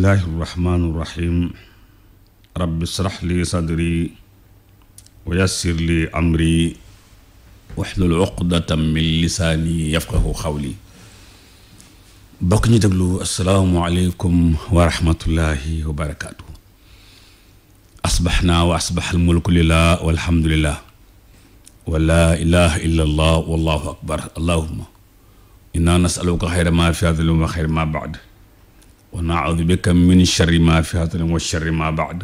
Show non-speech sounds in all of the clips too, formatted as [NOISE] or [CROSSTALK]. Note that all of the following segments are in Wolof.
bismillahi irrahmaani irrahim rabbi israh li sadri wa yassir li amri waxlul uqdatam min lisaani yafqahu xawli bokk ñu déglu asalaamualeykum wa rahmatullahi wa barakaatu asbaxnaa wa asbax almulku lillah walhamdulillah wa laa ilaha illa allah wallahu akbar allahuma inna nasaluka xayra ma fi hada l yowm wa xayra ma baad wa naudu bika min sharri ma fi hatrin wa sharri ma baad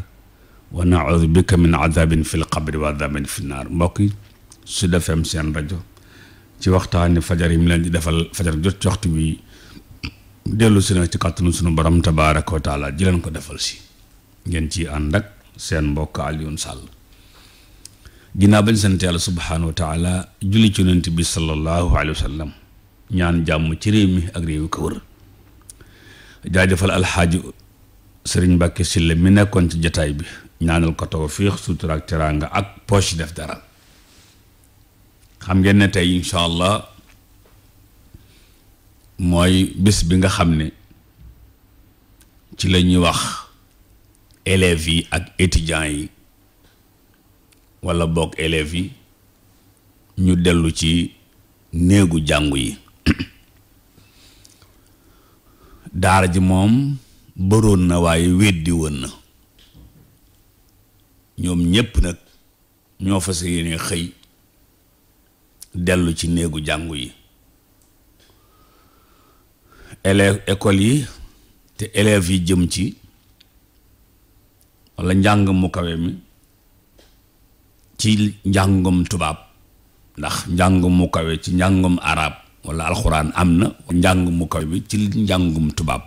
wa naudu bika min adabin fi lqabri wa adabin fi naar mbokk yi Sud FM seen rajo ci waxtaani fajar yi mu leen di defal fajar jot ci waxtu bi dellu si na ci kàttanu sunu borom tabaaraka wa taala ji leen ko defal si ngeen ci ànd ak seen mbokk Alioune Sall ginnaaw bañ sant yàlla subhaanahu wa taala julli ci yonent bi sallallahu alayhi wa sallam ñaan jàmm ci réew mi ak réew yu ko wër jaajëfal alxaaji sëriñ Mbàkke Sylla mi nekkoon ci jataay bi ñaanal ko tawfiix sutura ak teraanga ak poche def dara xam ngeen ne tey incha allah mooy bés bi nga xam ne ci la ñuy wax élèves yi ak étudiants yi wala bokk élèves yi ñu dellu ci néegu jàngu yi daara ji moom bëroon na waaye weddi woon na ñoom ñépp nag ñoo fas yéene xëy dellu ci néegu jàngu yi élève école yi te élèves yi jëm ci walla njàng mu kawe mi ci njàngum tubaab ndax njàng mu kawe ci njàngum araab wala alxuraan am na njàng mu kaw bi ci njàngum tubaab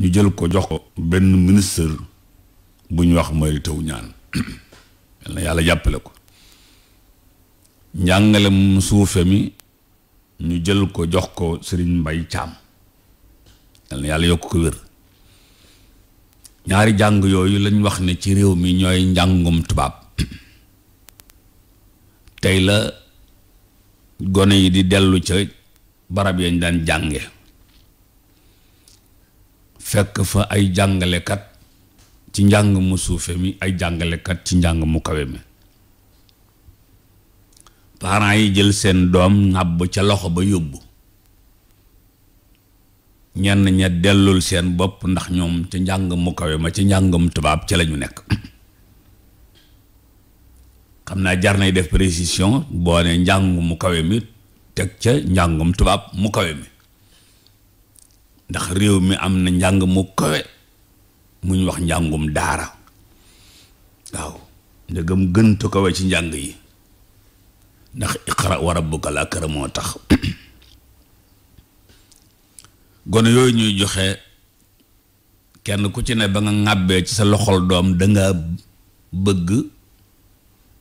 ñu jël ko jox ko benn ministre bu ñu wax Mary Teuw ñaan [CLEARS THROAT] yal na yàlla jàppale ko njàngale mu suufe mi ñu jël ko jox ko sëriñ mbay Thiam yal na yàlla yokk ko wér ñaari jàng yooyu lañ wax ne ci réew mi ñooy njàngum tubaab [CLEARS THROAT] tey la gone yi di dellu ca barab yañ daan jànge fekk fa ay jàngalekat ci njàng mu suufe mi ay jàngalekat ci njàng mu kawe mi parents yi jël seen doom nàbb ca loxo ba yóbbu ñenn ña dellul seen bopp ndax ñoom ca njàng mu kawe ma ca njàngam tubaab ca lañu nekk xam naa jar nay def précision boo ne njàng mu kawe mi teg ca njàngum tubaab mu kawe mi ndax réew mi am na njàng mu kawe mu wax njàngum daara waaw ndegam gëntu kawe ci njàng yi ndax iqra wa rabbuka al akram moo tax [COUGHS] gone yooyu ñuy joxe kenn ku ci ne ba nga ŋàbbee ci sa loxol doom danga bëgg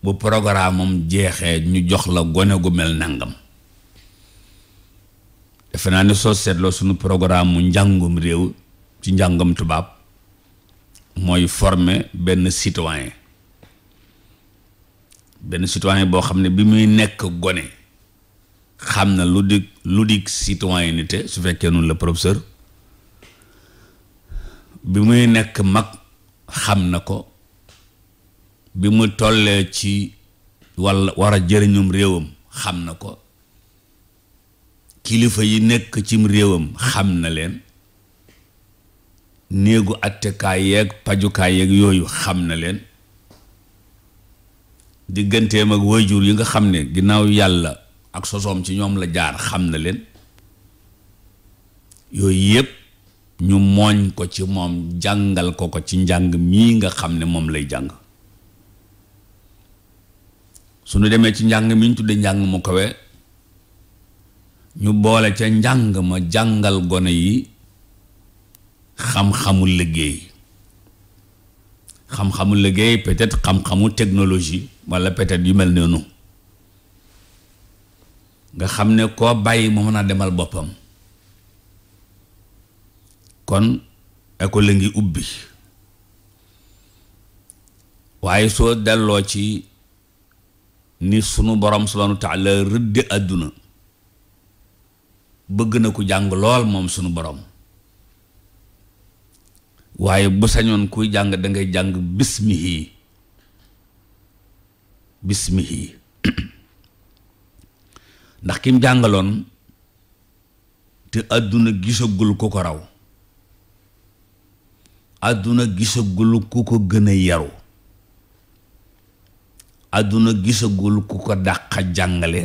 bu programme am jeexee ñu jox la gone gu mel nangam defe naa ni soo seetloo suñu programme mu njàngum réew ci njàngum tubaab mooy former benn citoyen benn citoyen boo xam ne bi muy nekk gone xam na lu di lu di citoyenneté su fekkee noonu la professeur bi muy nekk mag xam na ko bi mu tollee ci walla war jëriñum réewam xam na ko kilifa yi nekk cim réewam xam na leen néegu attekaay yeeg pajukaay yeeg yooyu xam na leen digganteem ak waajur yi nga xam ne ginnaaw yàlla ak sosoom ci ñoom la jaar xam na leen yooyu yépp ñu mooñ ko ci moom jàngal ko ko ci njàng mii nga xam ne moom lay jàng su ñu demee ci njàng mi ñu tudde njàng mu kawe ñu boole ca njàng ma jàngal gone yi xam-xamu liggéey xam liggéey peut-être xam-xamu technologie walla peut-être yu mel noonu nga xam ne koo bàyyi mu mën a demal boppam kon école la ngi ubbi waaye soo delloo ci ni sunu borom subhaanahu wa taala rëdde àdduna bëgg na ku jàng lool moom sunu borom waaye bu sañoon kuy jàng dangay jàng bismihi bismihi [CLEARS THROAT] ndax kim jàngaloon te àdduna gisagul ku ko raw àdduna gisagul ku ko gën a yaru àdduna gisagul ku ko dàq jàngale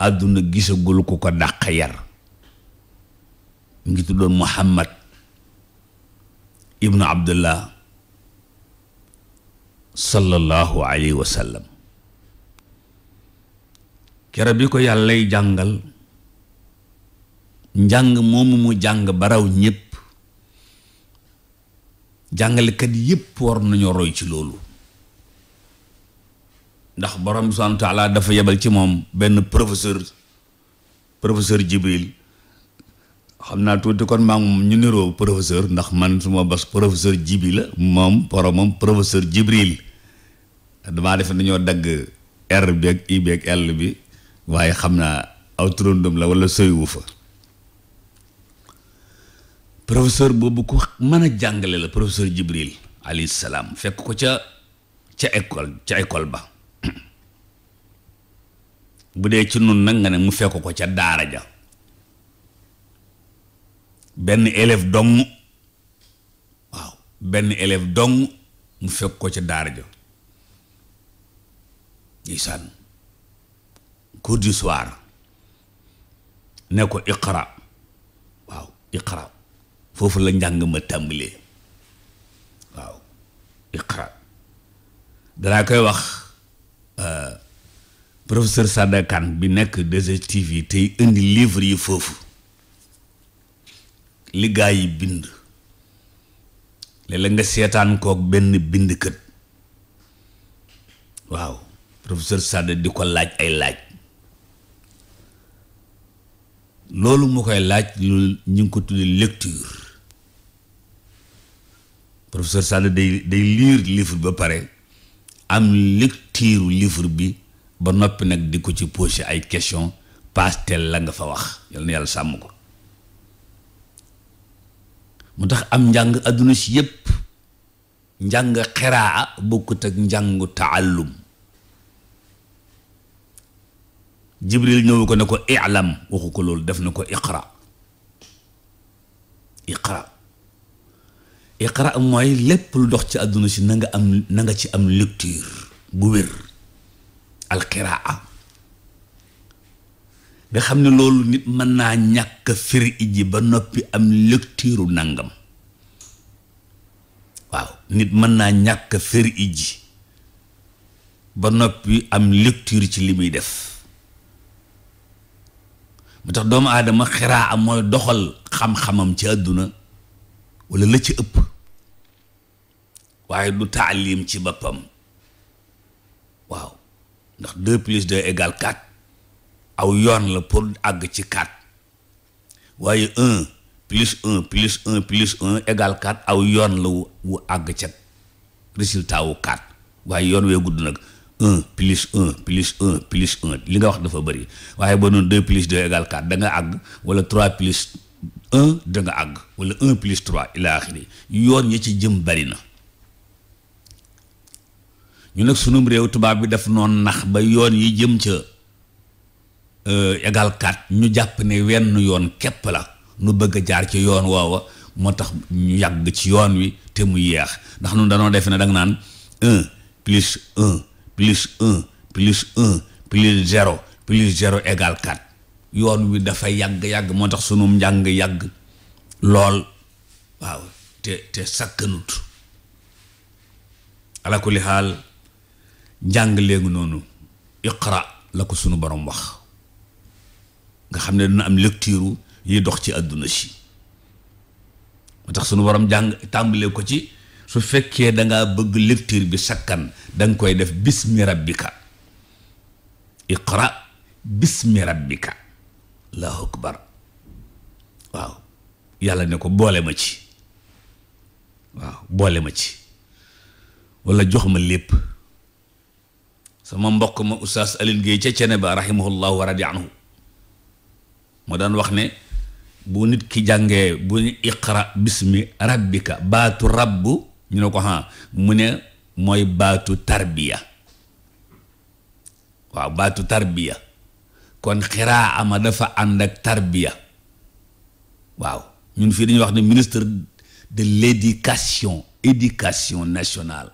àdduna gisagul ku ko dàq yar mu ngi tuddoon Muhammad ibnu Abdullah sallallahu alayhi wa sallam kere bi ko yàllay jàngal njàng moomu mu jàng baraw ñépp jàngalekat yépp war nañu roy ci loolu ndax borom subhaanahu wa dafa yebal ci moom benn professeur professeur Jibril xam naa tuuti kon maa ñu niroo professeur ndax man suma bas professeur Jibi la moom boromam professeur Jibril damaa defe dañoo dagg R bi ak I bi ak L bi waaye xam naa aw turandum la wala sëywu fa professeur boobu ko mën a jàngale la professeur Jibril alayhi salaam fekk ko ca ca école ca école ba bu dee ci nun nag nga ne mu fekk ko ca daara ja benn élève dong waaw benn élève dong mu fekk ko ca daara ja ndeysaan cours du soir ne ko waaw iqra foofu la njàng ma tàmbalee waaw iqra danaa koy wax euh, professeur Sadakan bi nekk 2STV yi tey indi livre yi foofu li gaa yi bind léeg-léeg nga seetaan kook benn bindkat waaw professeur Sada di ko laaj ay laaj loolu mu koy laaj lu ñu ngi ko tuddee lecture professeur Sada day day lire livre ba pare am lecture livre bi ba noppi nag di ko ci posé ay question pastel la nga fa wax yal na yàlla sàmm ko mu tax am njàng adduna si yépp njàng xeraa bokkut ak njàngu taallum jibril ñëw ko ne ko i'lam waxu ko loolu def na ko iqra iqra iqra mooy lépp lu dox ci adduna si na am na ci am lecture bu wér alqiraa nga xam ne loolu nit mën naa ñàkk firi ji ba noppi am lecture nangam waaw nit mën naa ñàkk firi ji ba noppi am lecture ci li muy def mu tax doomu aadama xiraa am mooy doxal xam-xamam ci àdduna walla la ci ëpp waaye du taalim ci boppam waaw ndax deux plus deux égale quatre aw yoon la pour àgg ci quatre waaye un plus un plus un plus un égale quatre aw yoon la wu àgg ca résultat wu quatre waaye yoon wee gudd nag un plus un plus un plus un li nga wax dafa bëri waaye ba noonu deux plus deux égale quatre da nga àgg wala trois plus un danga àgg wala un plus trois ila axiri yoon ñi ci jëm bari na ñu nag sunum réew tubaab bi daf noon nax ba yoon yi jëm ca euh, égal kat ñu jàpp ne wenn yoon képp la nu bëgg a jaar ci yoon woowa moo tax ñu yàgg ci yoon wi te mu yeex ndax nu danoo defe ne da naan un plus un plus un plus un plus zéro plus zéro égal quatre yoon wi dafa yàgg-yàgg moo tax sunum njàng yàgg lool waaw te te sakkanut ala xaal njàng léegi noonu iqra la ko sunu borom wax nga xam ne dina am lecture yi dox ci àdduna si moo tax sunu borom jàng tàmbalee ko ci su fekkee da bëgg lecture bi sakkan da nga koy def bismi rabbika iqra bismi rabbika allahu akbar waaw yàlla ne ko boole ma ci waaw boole ma ci wala jox ma lépp sama mbokk ma oustaz Alioune Guèye ca cene ba rahimahullahu wa radi anhu moo daan wax ne bu nit ki jàngee bu ñu iqra bismi rabbika baatu rabb ñu ne ko ha mu ne mooy baatu tarbiya waaw baatu tarbiya kon xiraa ama dafa ànd ak tarbiya waaw ñun fii dañuy wax ne ministre de l'éducation éducation nationale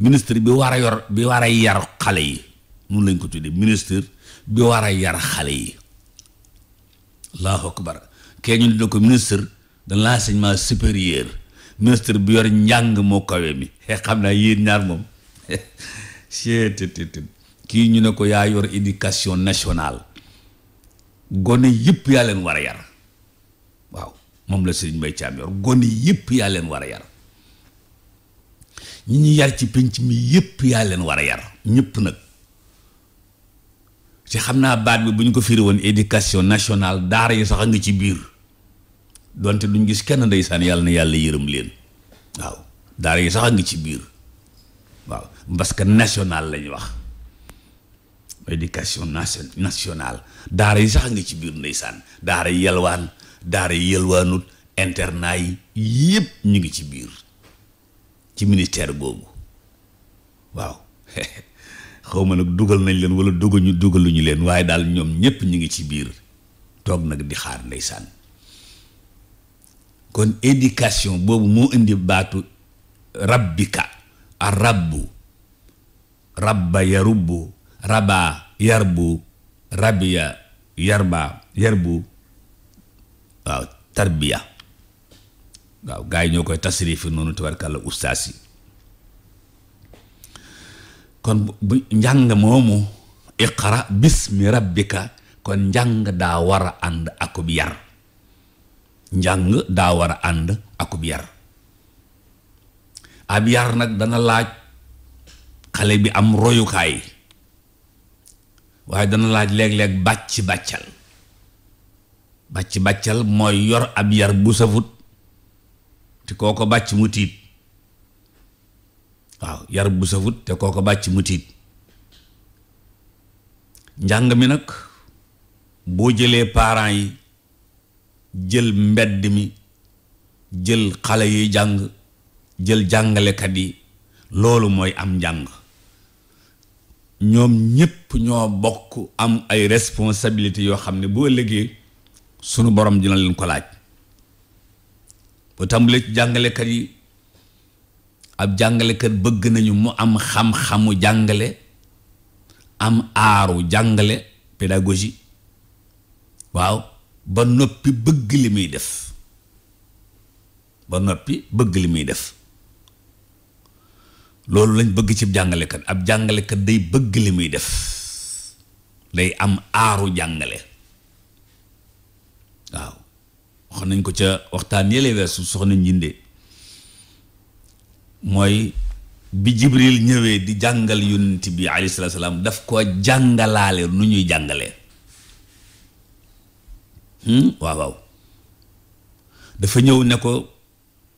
ministre bi war a yor bi war a yar xale yi noonu lañ ko tuddee ministre bi war a yar xale yi allahu akbar kee ñu dina ko ministre de l'enseignement supérieur ministre bi yor njàng moo kawe [LAUGHS] xam naa yéen ñaar moom ctt kii ñu ne ko yaa yor éducation nationale gone yëpp yaa leen war a waaw moom la sëriñ Mbay Caam yor gone yëpp yaa leen war a yar ñi ñu yar ci pinc mi yépp yaa leen war a yar ñëpp nag si xam naa baat bi bu ñu ko firi woon éducation nationale daar yi sax a ngi ci biir donte duñ gis kenn ndeysaan yàlla na yàlla yërëm leen waaw daar yi sax a ngi ci biir waaw parce que national lañu wax éducation nationale daara yi sax a ngi ci biir ndeysaan daara yi yelwaan daar yi yelwaanut internat yi yëpp ñu ngi ci biir ci ministère boobu waaw [LAUGHS] xaw ma nag dugal nañ leen wala dugañu dugaluñu leen waaye daal ñoom ñépp ñu ngi ci biir toog nag di xaar ndeysaan kon éducation boobu moo indi baatu rabbika a rabbu rabba yarubbu rabaa yarbu rabbiya yarba yarbu waaw tarbiya waaw gaa yi ñoo koy tasrifi noonu tabarkàlla ustaas yi kon bu njàng moomu iqra bismi rabbika kon njàng daa war a ànd akub yar njàng daa war a ànd akub yar ab yar nag dana laaj xale bi am royukaay waaye dana laaj léeg-léeg bàcc bàccal bàcc bàccal mooy yor ab yar bu safut te koo ko bàcc mu tiit waaw yar bu safut te koo ko bàcc mu tiit njàng mi nag boo jëlee parents yi jël mbedd mi jël xale yuy jàng jël jàngalekat yi loolu mooy am njàng ñoom ñépp ñoo bokk am ay responsabilités yoo xam ne boo ëllëgee sunu borom dina leen ko laaj ba tàmbalee ci jàngalekat yi ab jàngalekat bëgg nañu mu am xam-xamu jàngale am aaru jàngale pédagogie waaw ba noppi bëgg li muy def ba noppi bëgg li muy def loolu lañ bëgg ci jàngalekat ab jàngalekat day bëgg li muy def day am aaru jàngale waaw waxoon nañ ko ca waxtaan yële weesu soxna njinde mooy bi jibril ñëwee di jàngal yonent bi alayhi salaam daf ko jàngalaale nu ñuy jàngale hmm? waaw dafa ñëw ne ko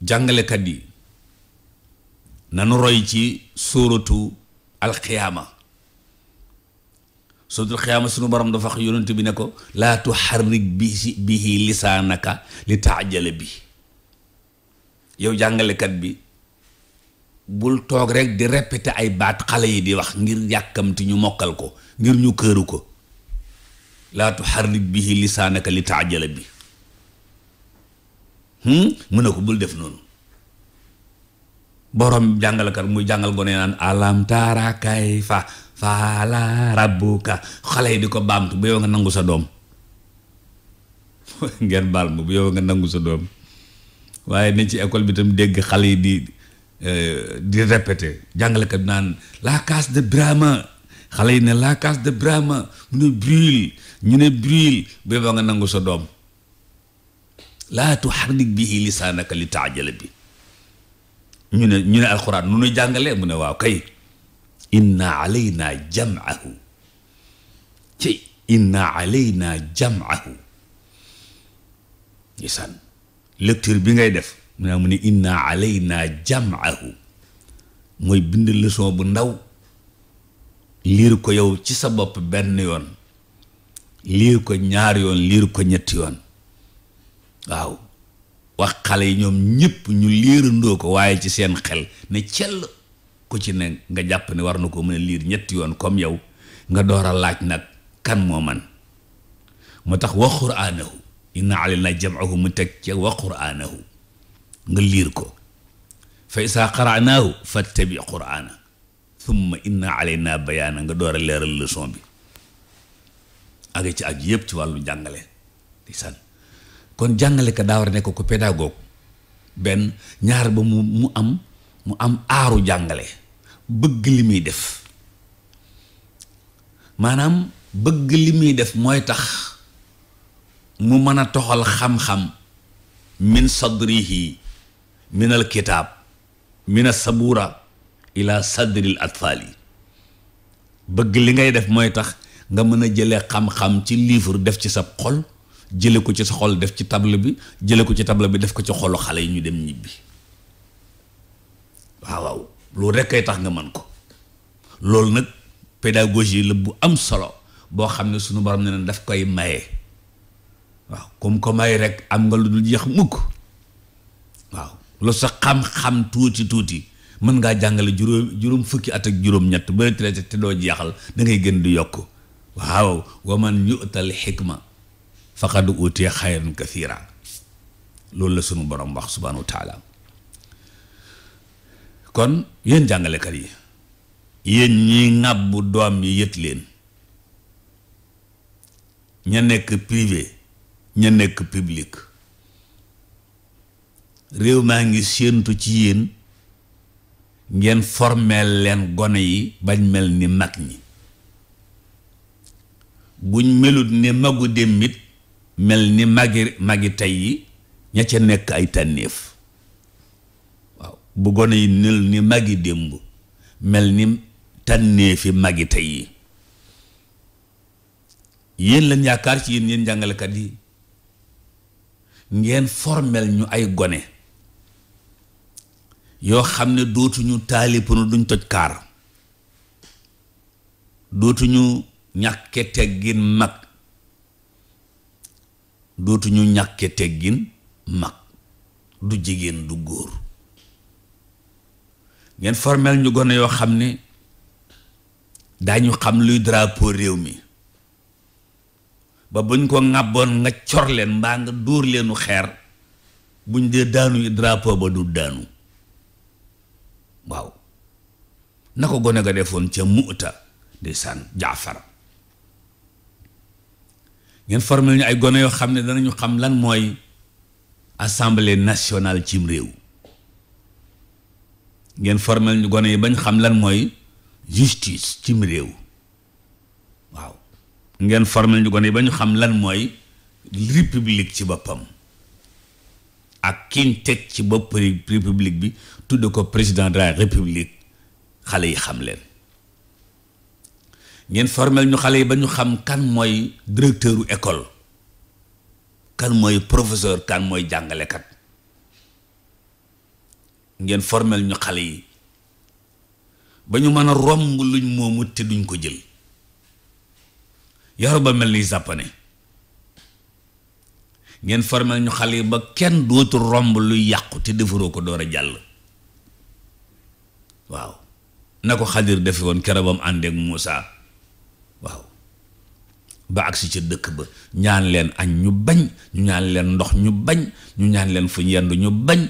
jàngalekat yi nanu roy ci suuratu alxiyaama sootul xiyaama sunu borom dafa wax yonent bi ne ko laa tuharrik bihi bihi lisaanaka li taajala bi yow jàngalekat bi bul toog rek di répéter ay baat xale yi di wax ngir yàkkamti ñu mokkal ko ngir ñu këru ko laa tuharrik bihi lisaanaka li taajala bi mën hmm? a ko bul def noonu borom jàngalekat muy jàngal gone naan alam taara kay fa faala rabbuka xale yi di ko baamtu bu yow nga nangu sa doom [LAUGHS] ngeen baal yow nga nangu sa doom waaye ne ci école bi tam dégg xale yi di eh, di répété jàngalekat bi naan la case de Brahma xale yi ne la case de Brahma mu ne brûle ñu ne brûle bu yow nga nangu sa doom laa tuharrik bihi lisaanaka li taajala bi ñu ne ñu ne alxuraan nu nu jàngalee mu ne waaw kay inna alayna jam'ahu ci inna alayna bi ngay def mu ne mu ne inna alayna jam'ahu mooy bind leçon bu ndaw liir ko yow ci sa bopp benn yoon liir ko ñaar yoon liir ko ñetti yoon waaw wax xale yi ñoom ñëpp ñu liirandoo ko waaye ci seen xel ne cell ku ci ne nga jàpp ne war na koo mën a liir ñetti yoon comme yow nga door a laaj nag kan moo man moo tax wa quraanahu inna alaynaa jam'ahu mu teg ca wa quraanahu nga liir ko fa isaa qara'naahu fattabi quraana thumma inna alaynaa bayaana nga door a leeral leçon bi ak ci ak yépp ci wàllu jàngale di san kon jàngalekat ko war a nekk ko pédagogue benn ñaar ba mu mu am mu am aaru jàngale bëgg li muy def maanaam bëgg li muy def mooy tax mu mën a toxal xam-xam min sadrihi min al kitaab min a sabura ila sadril atfaali bëgg li ngay def mooy tax nga mën a jëlee xam-xam ci livre def ci sa xol jële ko ci sa xol def ci table bi jële ko ci table bi def ko ci xolu xale yi ñu dem ñibbi waaw waaw loolu rek kay tax nga mën ko loolu nag pédagogie la bu am solo boo xam ne sunu borom ne na daf koy maye waaw comme ko may rek am nga lu dul jeex mukk waaw lu sa xam-xam tuuti tuuti mën ngaa jàngale juróom juróom fukki at ak juróom-ñett ba te doo jeexal dangay ngay gën di yokk waaw waman yu'tal xikma faqad uutiya xayran kathira loolu la sunu borom wax subhaanahu wa taala kon yéen jàngalekat yi yéen ñiy ŋàbbu doom yi yët leen ña nekk privé ña nekk public réew maa ngi séentu ci yéen ngeen formeel leen gone yi bañ mel ni mag ñi buñ melut ni magu démmit mel ni magi magi tey yi ña ca nekk ay tànnéef waaw bu gone yi nel ni magi démb mel ni tànnéefi magi tey yi yéen lañ yaakaar ci yéen yéen jàngalekat yi ngeen formel ñu ay gone yoo xam ne dootuñu taalipanu duñ toj kaar dootuñu ñàkke teggin mag dootuñu ñàkke teggin mag du jigéen du góor ngeen formel ñu gone yoo xam ne dañu xam luy drapeau réew mi ba buñ ko ŋàbboon nga cor leen mbaa nga dóor leenu xeer buñ dee daanu yi drapeau ba du daanu waaw na ko gone ga defoon ca muuta di saan jaafar ngeen formel ñu ay gone yoo xam ne danañu xam lan mooy assemblée nationale cim réew ngeen formel ñu gone yi bañ xam lan mooy justice cim réew waaw ngeen formel ñu gone ba ñu xam lan mooy république ci boppam ak kiñ teg ci bopp république bi tudd ko président de la république xale yi xam leen ngeen formel ñu xale yi ba ñu xam kan mooy directeur u école kan mooy professeur kan mooy jàngalekat ngeen formel ñu xale yi ba ñu mën a romb luñ moomu te duñ ko jël yaru ba mel ni jàppane ngeen formel ñu xale yi ba kenn dootu romb luy yàqu te defaroo ko door a jàll waaw na ko xadir def woon keroog ba mu àndeek Muusa waaw ba agsi ca dëkk ba ñaan leen añ ñu bañ ñu ñaan leen ndox ñu bañ ñu ñaan leen fu ñu yendu ñu bañ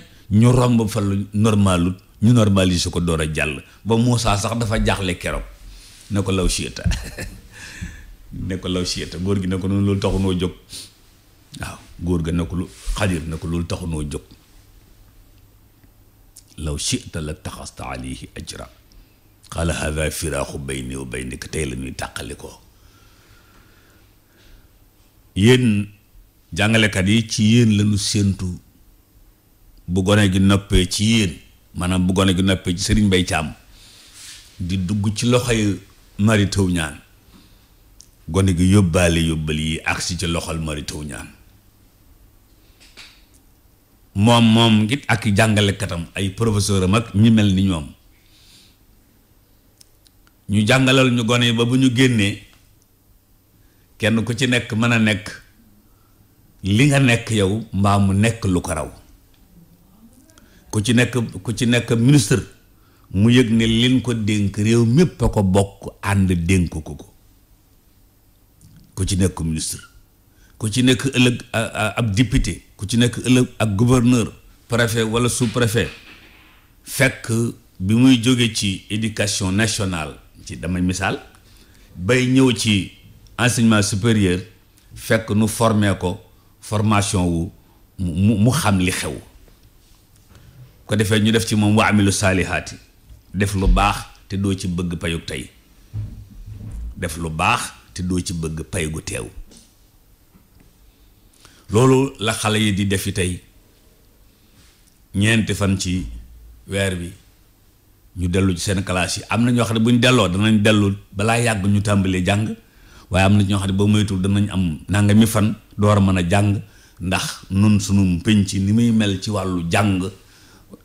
ñu romb fa lu normalut ñu normaliser ko door a jàll ba Moussa sax dafa jaaxle keroog ne ko law sieta [LAUGHS] ne ko law gi ne ko noonu loolu taxu noo jóg waaw góor ga ne ko lu xadir ne ko loolu taxu noo jóg law sieta la taxasta alayhi ajra xaala hada firaaxu bayni wa baynika tey la ñuy tàqali ko yéen jàngalekat yi ci yéen lañu séentu bu gone gi noppee ci yéen maanaam bu gone gi noppee ci sëriñ bay Caam di dugg ci loxoy Mary Teuw ñaan gone gi yóbbaale yóbbal yi agsi ci loxol Mary Teuw Niane moom moom ngi ak jàngalekatam ay professeur am ak ñi mel ni ñoom ñu jàngalal ñu gone yi ba bu ñu génnee kenn ku ci nekk mën a nekk li nga nekk yow mbaam mu nekk lu ko raw ku ci nekk ku ci nekk ministre mu yëg ne liñ ko dénk réew mépp ko bokk ànd dénk ko ko ku ci nekk ku ci nekk ëllëg ab député ku ci nekk ëllëg ak gouverneur préfet wala sous préfet fekk bi muy jóge ci éducation national ci damay misaal bay ñëw ci enseignement supérieur fekk nu formé ko formation wu mu mu xam li xew ko defee ñu def ci moom wa amilu saalihaati def lu baax te doo ci bëgg payug tey def lu baax te doo ci bëgg pay gu teew loolu la xale yi di defi tey ñeenti fan ci weer bi ñu dellu ci seen classe yi am na ñoo xam ne bu ñu delloo danañ dellu balaa yàgg ñu tàmbalee jàng waaye am na ñoo xam ne ba moytul danañ am nangami fan door a mën a jàng ndax nun sunu penc ni muy mel ci wàllu jàng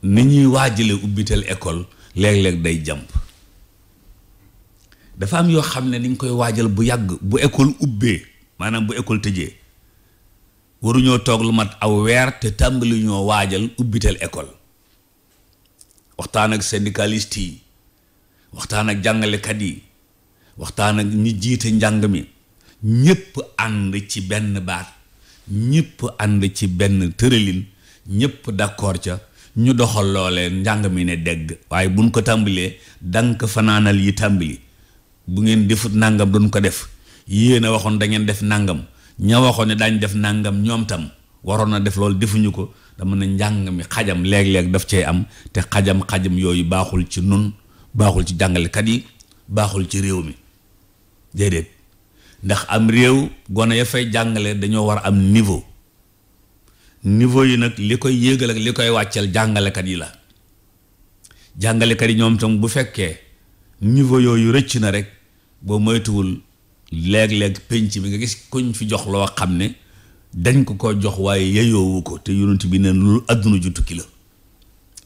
ni ñuy waajale ubbital école léeg-léeg day jàmp dafa am yoo xam ne ni dañ koy waajal bu yàgg bu école ubbee maanaam bu école tëjee waruñoo toog lu mat aw weer te tàmbali ñoo waajal ubbital école waxtaan ak syndicaliste yi waxtaan ak jàngalekat yi waxtaan ak ñi jiite njàng mi ñëpp ànd ci benn baat ñëpp ànd ci benn tërëlin ñëpp d'accord ca ñu doxal loolee njàng mi ne dégg waaye buñ ko tàmbalee dank fanaanal yi tàmbali bu ngeen defut nàngam duñ ko def yéen a waxoon dangeen def nàngam ña waxoon ne daañ def nàngam ñoom tam waroon na def loolu defuñu ko dama na njàng mi xajam léeg-léeg daf cee am te xajam-xajam yooyu baaxul ci nun baaxul ci jàngalekat yi baaxul ci réew mi déedéet ndax am réew gone ya fay jàngale dañoo war am niveau niveau yi nag li koy yéegal ak li koy wàcceel jàngalekat yi la jàngalekat yi ñoom tam bu fekkee niveau yooyu rëcc na rek boo moytuwul léeg-léeg penc bi nga gis kuñ fi jox loo xam ne dañ ko ko jox waaye yeyoowu ko te yonent bi ne lu àdduna ju tukki la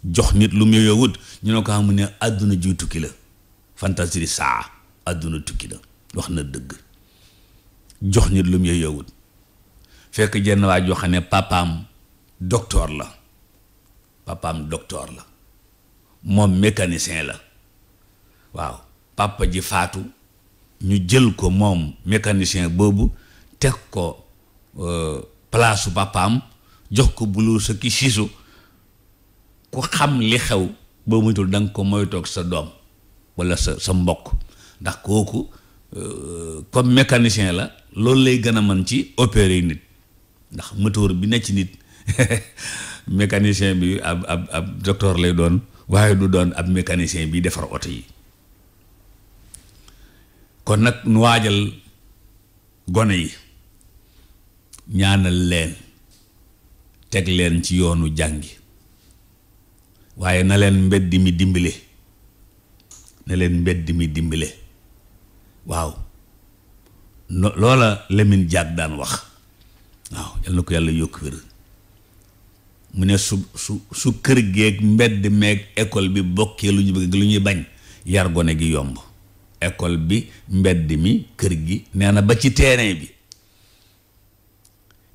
jox nit lu mu ñu ne ko amu ah, ne àdduna ju tukki la fantasiri saa àdduna tukki la wax na dëgg jox nit lu mu yeyoowut fekk jenn waa jox xam ne papaam docteur la papaam docteur la moom mécanicien la waaw papa ji faatu ñu jël ko moom mécanicien boobu teg ko Euh, palaasu su jox ko bulu sa ki sisu ku xam li xew boo moytul da ko moytoog sa doom wala sa sa mbokk ndax kooku euh, comme mécanicien la loolu lay gën a man ci yi nit ndax moteur bi nekk nit [LAUGHS] mécanicien bi ab ab ab lay doon waaye du doon ab mécanicien bi defar oto yi kon nag nu waajal gone yi ñaanal leen teg leen ci yoonu jàngi waaye na leen mbedd mi dimbale na leen mbedd mi dimbale waaw loola Lamine Diack daan wax waaw yal na ko yàlla yokk wér mu ne su su su kër geeg mbedd meeg école bi bokkee lu ñu bëgg lu ñuy bañ yar gone gi yomb école bi mbedd mi kër gi nee ba ci terrain bi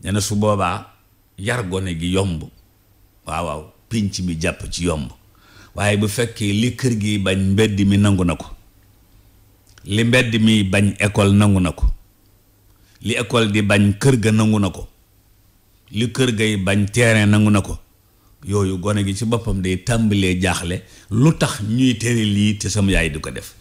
nee na su boobaa yar gone gi yomb waaw waaw pénc mi jàpp ci yomb waaye bu fekkee li kër gi bañ mbedd mi nangu na ko li mbedd mi bañ école nangu na ko li école di bañ kër ga nangu na ko li kër gay bañ tere nangu na ko yooyu gone gi ci boppam day tàmbalee jaaxle lu tax ñuy tere lii te sama yaay di ko def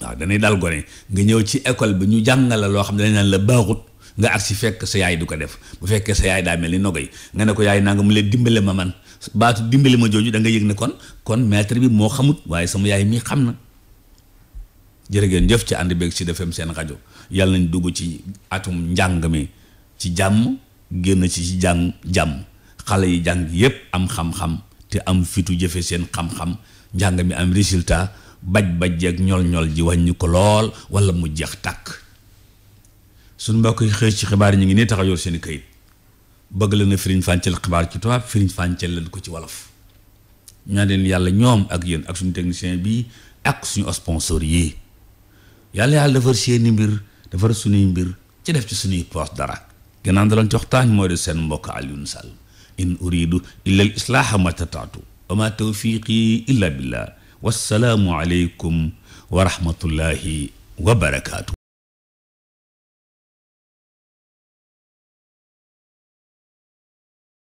waaw danay dal gone nga ñëw ci école bi ñu jàngale loo xam ne dañ naan la baaxut nga si fekk sa yaay du ko def bu fekkee sa yaay daa mel ni nogay nga ne ko yaay naa nga mu leen dimbale ma man baatu dimbali ma jooju da nga yëg ne kon kon maître bi moo xamut waaye sama yaay mii xam na jërë ngeen jëf ci ànd beeg si defem seen rajo yàlla nañ dugg ci atum njàng ci jàmm génn ci ci jàmm xale yi jàng yépp am xam-xam te am fitu jëfe seen xam njàng mi am résultat baj-baj yeeg ñol-ñol ji wàññi ko lool wala mu jeex tàkk suñ mbokk yi xëy ci xibaar yi ñu ngi nii taxaw yor seeni i kayit bëgg la na firiñ fàncel xibaar ci tubaab firiñ fàncel leen ko ci wolof ñaan leen yàlla ñoom ak yéen ak suñu technicien bi ak suñu sponsor yi yàlla yàlla defar seeni mbir defar suñuy mbir ci def ci suñuy poos dara gannaaw da doon ci waxtaan mooy de seen mbokk Alioune sal in uridu illa al islaaha ma tataatu wa ma tawfiqi illa billah wassalaamu aleykum wa rahmatullahi